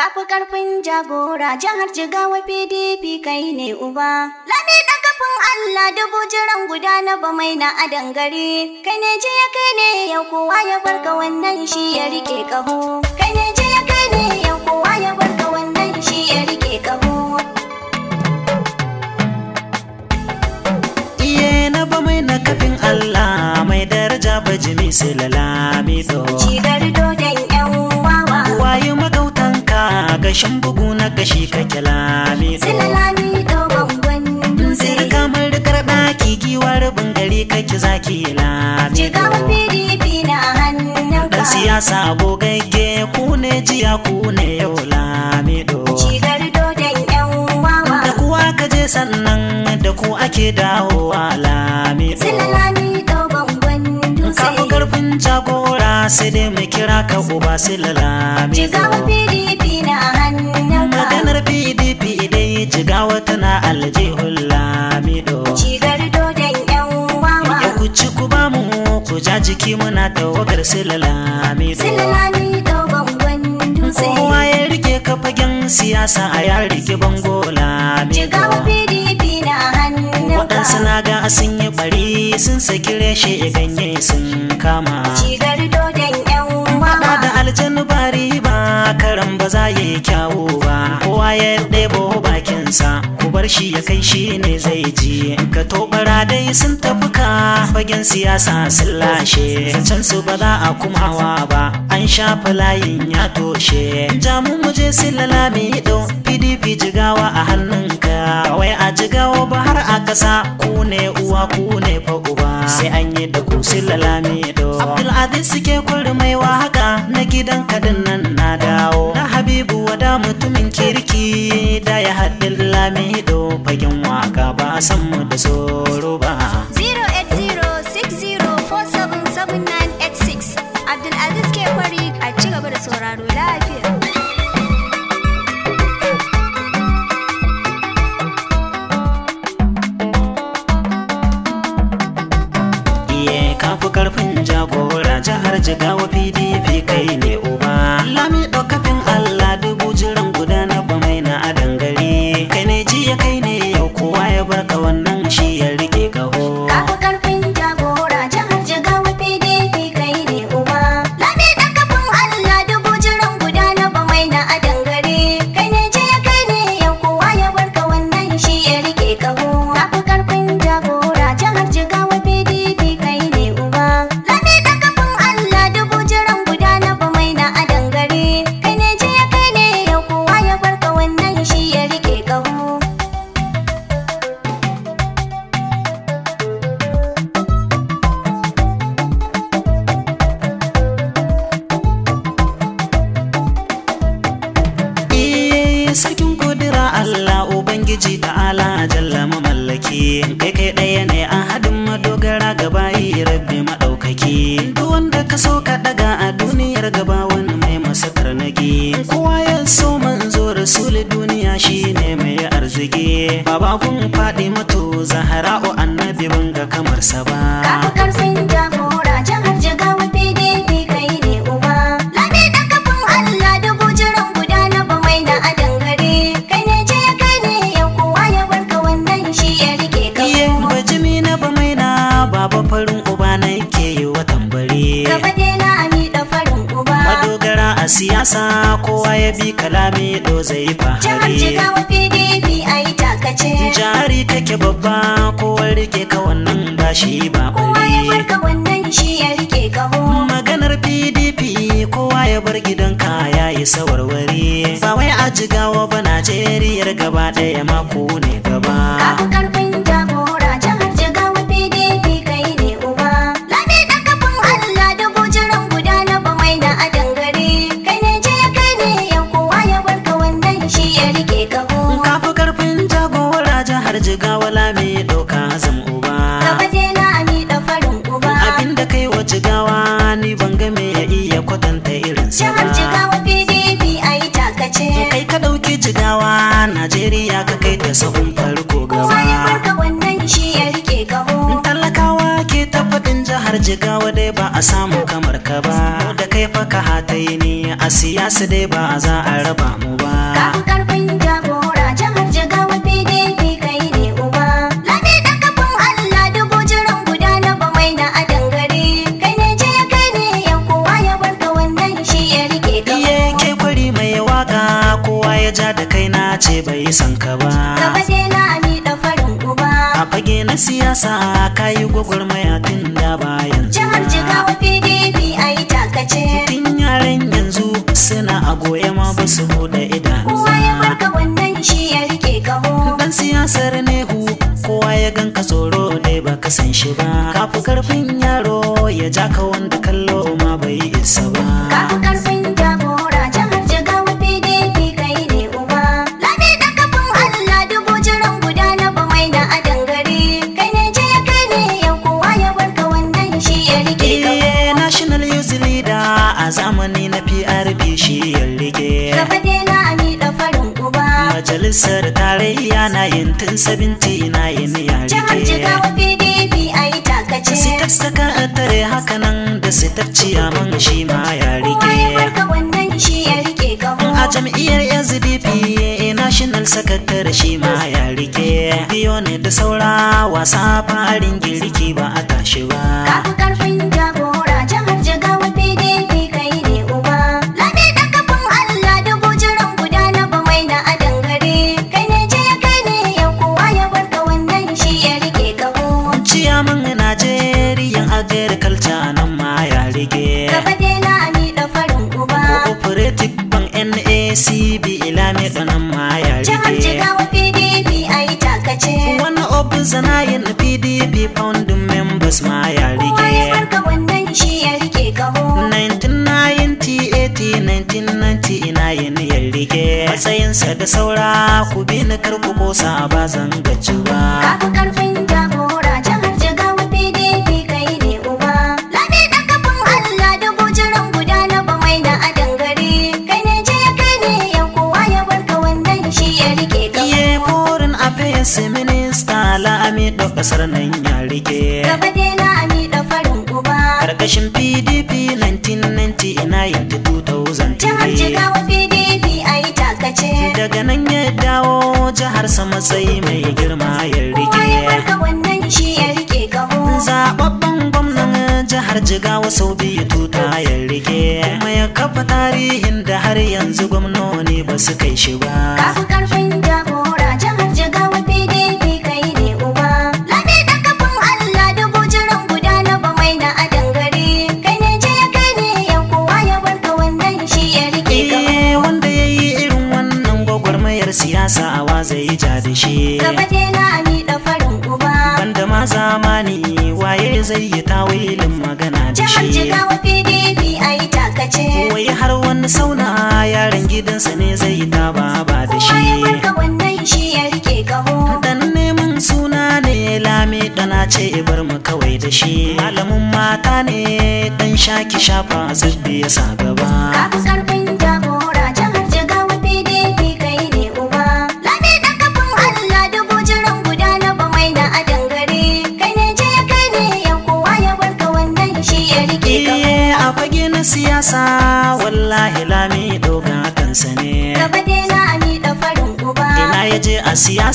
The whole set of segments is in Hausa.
Kafi karfin jagora jihar jigawa PDP kai ne uba. Lami da kafin Allah dubu jiran guda na ba mai na adan gari. Kai ne jiya kai ne yau kowa ya barka wannan shi ya rike kaho. Kai ne jiya kai ne yau kowa ya barka wannan shi ya rike kaho. Iye na ba mai na kafin Allah mai daraja bajimi silalami to. Ci dardo. rashin bugu na gashi kila lami Silalami dogon gwanin dutse Kamar rikar ɗaki giwa rubin gari ki yi lami Jigawa PDP na ka. Dan siyasa gogagge ku ne jiya ku ne yau lami do Cigar dodon yan wawa Da kuwa ka je sannan da ku ake dawowa lami jagora sai dai mu kira ka uba sai lalami jigawa pdp na hannunka maganar pdp dai jigawa tana aljihun lamido cigar dodon yan wawa ya kuci ku ba mu ku ja jiki muna tawagar sai lalamido sai lalamido bangon dutse kowa ya rike kafagen siyasa a ya rike bango lamido jigawa pdp waɗansu na ga sun yi ɓari sun saki reshe ganye sun kama. Cigar dodon yan wama. da aljanu bari ba a karan ba za yi kyawo ba kowa ya ɗebo bakinsa ku bar shi ya kai shi ne zai ji ka bara dai sun tafi ka, fagen siyasa sun lashe zancen su ba za a kumawa ba an shafa layin ya toshe Jamu mu je sun lalami ɗau pdp jigawa a hannun ka wai a jigawa ba har a ƙasa ku ne uwa ku ne fa uba sai an yi da ku sun lalami Sa'adin suke wa haka na gidan kadin nan na dawo. Na Habibu wada mutumin kirki da ya haɗin lamido fagen waka ba san mu da tsoro ba. siyasa kowa ya bi kalami do zai fahari jihar jigawa pdp a yi take babba kowa rike ka wannan ba shi ba kowa ya barka wannan shi ya rike kaho maganar pdp kowa ya bar gidan ka ya yi ba wai a jigawa ba najeriyar gaba ɗaya mako Jihar Jigawa PDP a yi takace. Kai ka ɗauki Jigawa Najeriya ka kai ta sahun farko gaba. Kowa ya barka wannan shi ya rike gaho. Talakawa ke tafaɗin jihar Jigawa dai ba a samu kamar ka ba. Da kai fa ka hatayi ni a siyasa dai ba a za a raba mu ba. Kafin karfin jago. kasar ne hu kowa ya ganka tsoro ne ba ka san shi ba kafi karfin yaro ya ja ka wanda kallon majalisar tarayya na yin tun sabinti na yin yare jihar jigawa pdp a yi takace sitar saka a tare hakanan da sitar man shi ma ya rike wannan shi ya rike kawo a jam'iyyar sdp national secretary shi ma ya rike biyo ne da saura wasa farin girki ba a tashi ba kafin karfin jagora jama'a. a pdp pound members ma ya rike kowa ya farka wannan shi ya rike kaho 1990 ina yin ya rike matsayinsa da saura ku bi na kar ku kosa ba zan ga ba jagora pdp kai ne uba lami da kafin allah da guda na ba mai da adan gari kai ne kowa ya barka wannan shi ya rike kawo a fesin da kasar nan ya rike gaba dai na da farin uba karkashin pdp 1990 ina yanzu 2000 jihar jigawa pdp a yi takace daga nan ya dawo jihar sa matsayi mai girma ya rike ya farka wannan shi ya rike kaho zababban gwamnan jihar jigawa sau biyu tuta ya rike kuma ya kafa tarihin da har yanzu gwamnoni ba su kai shi ba kafin karfin gaba shi gaba dai na ni da farin uba banda ma zamani waye zai yi tawilin magana da shi jihar jigawa pdp ai takace wai har wani sauna yaran gidansa ne zai yi taba ba da shi ya farka wannan shi ya rike gaho. dan neman suna ne lami dana ce bar mu kawai da shi malamin mata ne dan shaki shafa zubbi ya sa gaba kafin karfin jago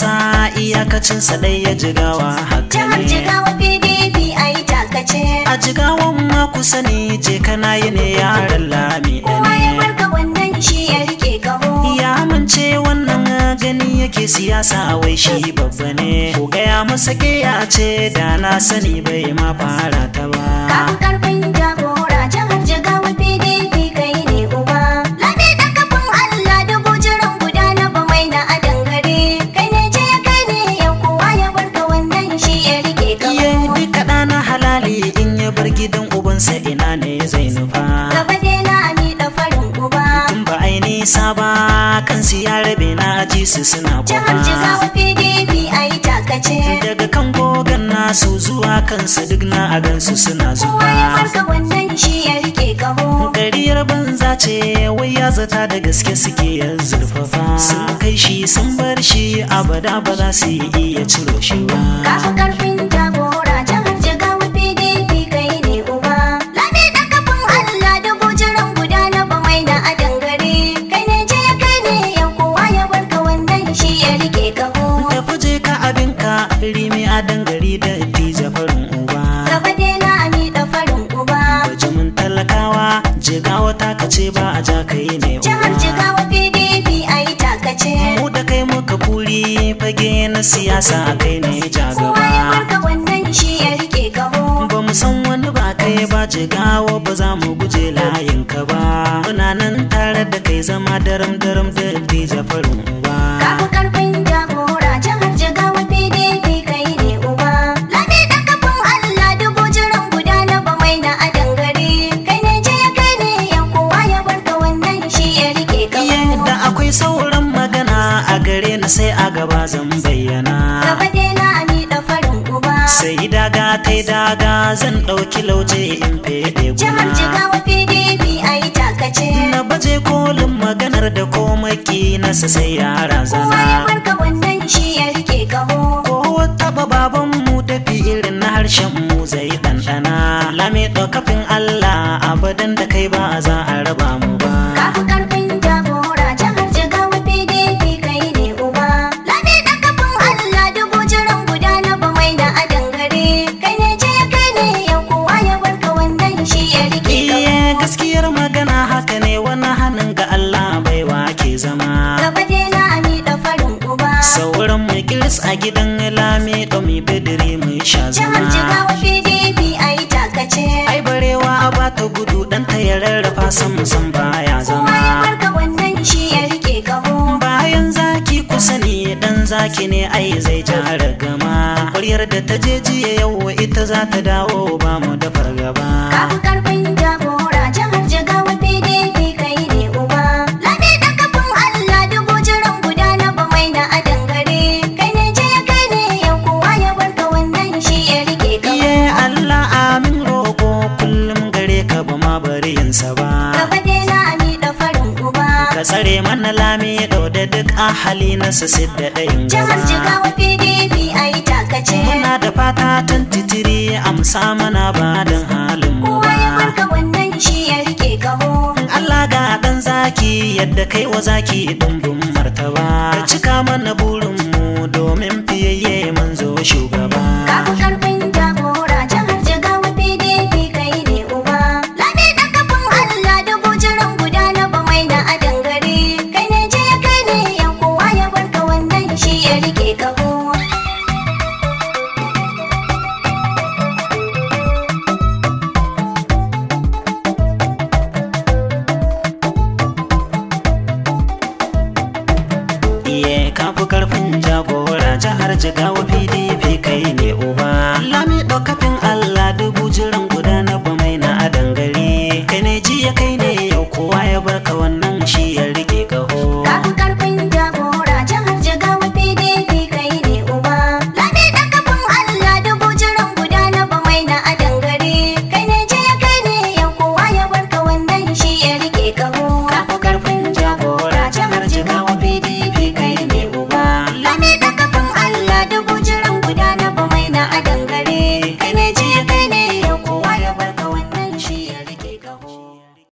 sa iyakacin sa dai ya jigawa haka ne jigawa pdp a yi takace a jigawan ma ku sani je kana yi ne yaran lami da ya barka wannan shi ya rike gaho ya amince wannan gani yake siyasa wai shi babba ne ko gaya masa ke ya ce da na sani bai ma fara ta ba ina ne zai nufa gaba na ni farin uba ba ai nisa ba kan su ya rabe na ji su suna kuka jihar jigawa pdp ai takace daga kan gogon nasu zuwa kansu duk na a gansu suna zuwa kowa ya farka wannan shi ya rike kaho gariyar banza ce wai ya zata da gaske suke yan zurfafa sun kai shi sun bar shi abada ba za su iya ciro shi ba na siyasa kai ne gaba wannan shi ya rike gabo ba mu san wani ba kai ba gawo ba za mu guje layin ba muna nan tare da kai zama daram daram da faru. sai a gaba zan bayyana gaba dai na ni da farin uba sai daga tai daga zan ɗauki lauje in fede guna jihar jigawa pdp a yi takace na baje kolin maganar da komaki nasa sai ya razana kowa ya farka wannan shi ya rike gaho. ko taba baban mu tafi irin na harshen mu zai ɗanɗana lame kafin allah abadan da kai ba za a raba kilis a gidan lami mai bidiri mai sha zama jihar jigawa pdp a yi takace ai barewa a bata gudu dan ta ya rarrafa san musan baya zama Kuma ya barka wannan shi ya rike kaho bayan zaki kusa ne dan zaki ne ai zai jihar gama kuryar da ta je jiya yau ita za ta dawo ba mu da fargaba kafin karfin hali na su sidda ɗayin gaba. Jihar Jigawa PDP a yi takace. Muna da fata tun titiri amsa mana ba don